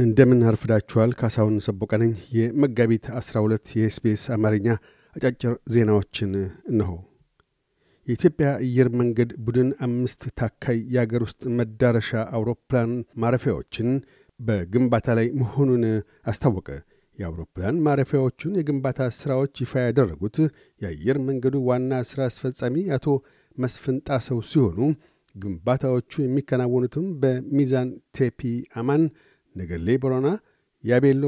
እንደምን አርፍዳችኋል። ካሳሁን ሰቦቀ ነኝ። የመጋቢት 12 የኤስቢኤስ አማርኛ አጫጭር ዜናዎችን እነሆ። የኢትዮጵያ አየር መንገድ ቡድን አምስት ታካይ የአገር ውስጥ መዳረሻ አውሮፕላን ማረፊያዎችን በግንባታ ላይ መሆኑን አስታወቀ። የአውሮፕላን ማረፊያዎቹን የግንባታ ሥራዎች ይፋ ያደረጉት የአየር መንገዱ ዋና ሥራ አስፈጻሚ አቶ መስፍን ጣሰው ሲሆኑ ግንባታዎቹ የሚከናወኑትም በሚዛን ቴፒ አማን ነገሌ ቦረና፣ ያቤሎ፣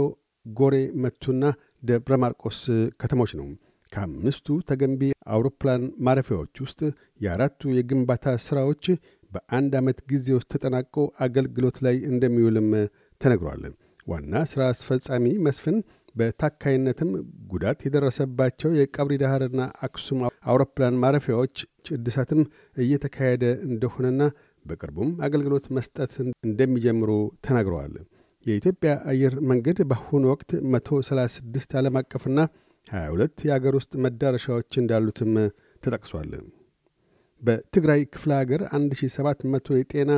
ጎሬ መቱና ደብረ ማርቆስ ከተሞች ነው። ከአምስቱ ተገንቢ አውሮፕላን ማረፊያዎች ውስጥ የአራቱ የግንባታ ሥራዎች በአንድ ዓመት ጊዜ ውስጥ ተጠናቆ አገልግሎት ላይ እንደሚውልም ተነግሯል። ዋና ሥራ አስፈጻሚ መስፍን በታካይነትም ጉዳት የደረሰባቸው የቀብሪ ዳህርና አክሱም አውሮፕላን ማረፊያዎች እድሳትም እየተካሄደ እንደሆነና በቅርቡም አገልግሎት መስጠት እንደሚጀምሩ ተናግረዋል። የኢትዮጵያ አየር መንገድ በአሁኑ ወቅት 136 ዓለም አቀፍና 22 የአገር ውስጥ መዳረሻዎች እንዳሉትም ተጠቅሷል። በትግራይ ክፍለ ሀገር 1700 የጤና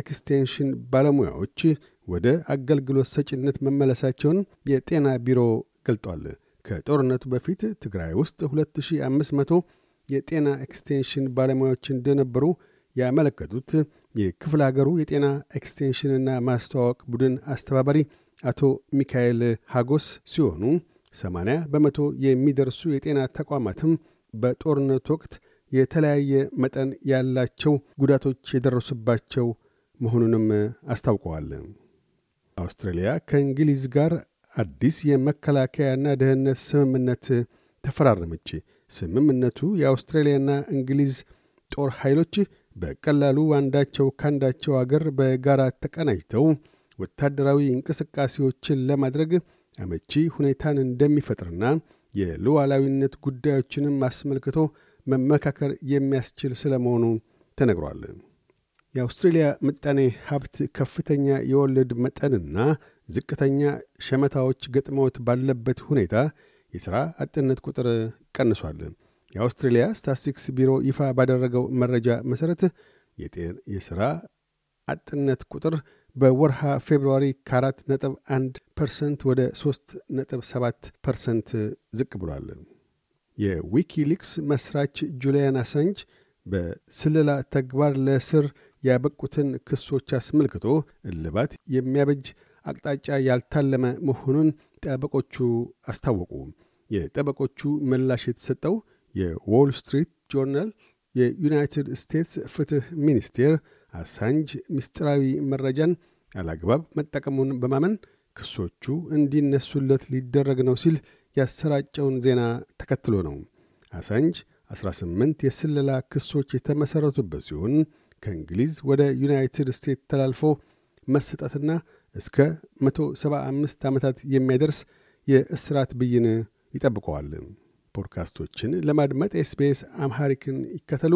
ኤክስቴንሽን ባለሙያዎች ወደ አገልግሎት ሰጪነት መመለሳቸውን የጤና ቢሮ ገልጧል። ከጦርነቱ በፊት ትግራይ ውስጥ 2500 የጤና ኤክስቴንሽን ባለሙያዎች እንደነበሩ ያመለከቱት የክፍለ አገሩ የጤና ኤክስቴንሽንና ማስተዋወቅ ቡድን አስተባባሪ አቶ ሚካኤል ሃጎስ ሲሆኑ 80 በመቶ የሚደርሱ የጤና ተቋማትም በጦርነት ወቅት የተለያየ መጠን ያላቸው ጉዳቶች የደረሱባቸው መሆኑንም አስታውቀዋል። አውስትራሊያ ከእንግሊዝ ጋር አዲስ የመከላከያና ደህንነት ስምምነት ተፈራረመች። ስምምነቱ የአውስትራሊያና እንግሊዝ ጦር ኃይሎች በቀላሉ አንዳቸው ካንዳቸው አገር በጋራ ተቀናጅተው ወታደራዊ እንቅስቃሴዎችን ለማድረግ አመቺ ሁኔታን እንደሚፈጥርና የሉዓላዊነት ጉዳዮችንም አስመልክቶ መመካከር የሚያስችል ስለመሆኑ ተነግሯል። የአውስትሬልያ ምጣኔ ሀብት ከፍተኛ የወለድ መጠንና ዝቅተኛ ሸመታዎች ገጥመውት ባለበት ሁኔታ የሥራ አጥነት ቁጥር ቀንሷል። የአውስትሬልያ ስታስቲክስ ቢሮ ይፋ ባደረገው መረጃ መሠረት የጤን የሥራ አጥነት ቁጥር በወርሃ ፌብርዋሪ ከአራት ነጥብ አንድ ፐርሰንት ወደ ሦስት ነጥብ ሰባት ፐርሰንት ዝቅ ብሏል። የዊኪሊክስ መስራች ጁሊያን አሳንጅ በስለላ ተግባር ለእስር ያበቁትን ክሶች አስመልክቶ እልባት የሚያበጅ አቅጣጫ ያልታለመ መሆኑን ጠበቆቹ አስታወቁ። የጠበቆቹ ምላሽ የተሰጠው የዎል ስትሪት ጆርናል የዩናይትድ ስቴትስ ፍትህ ሚኒስቴር አሳንጅ ምስጢራዊ መረጃን አላግባብ መጠቀሙን በማመን ክሶቹ እንዲነሱለት ሊደረግ ነው ሲል ያሰራጨውን ዜና ተከትሎ ነው። አሳንጅ 18 የስለላ ክሶች የተመሠረቱበት ሲሆን ከእንግሊዝ ወደ ዩናይትድ ስቴትስ ተላልፎ መሰጠትና እስከ 175 ዓመታት የሚያደርስ የእስራት ብይን ይጠብቀዋል። ፖድካስቶችን ለማድመጥ ኤስቤስ አምሐሪክን ይከተሉ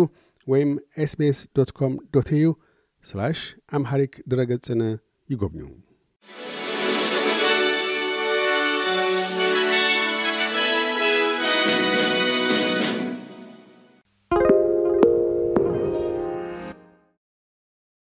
ወይም ኤስቤስ ዶት ኮም ዶት ኤዩ አምሐሪክ ድረገጽን ይጎብኙ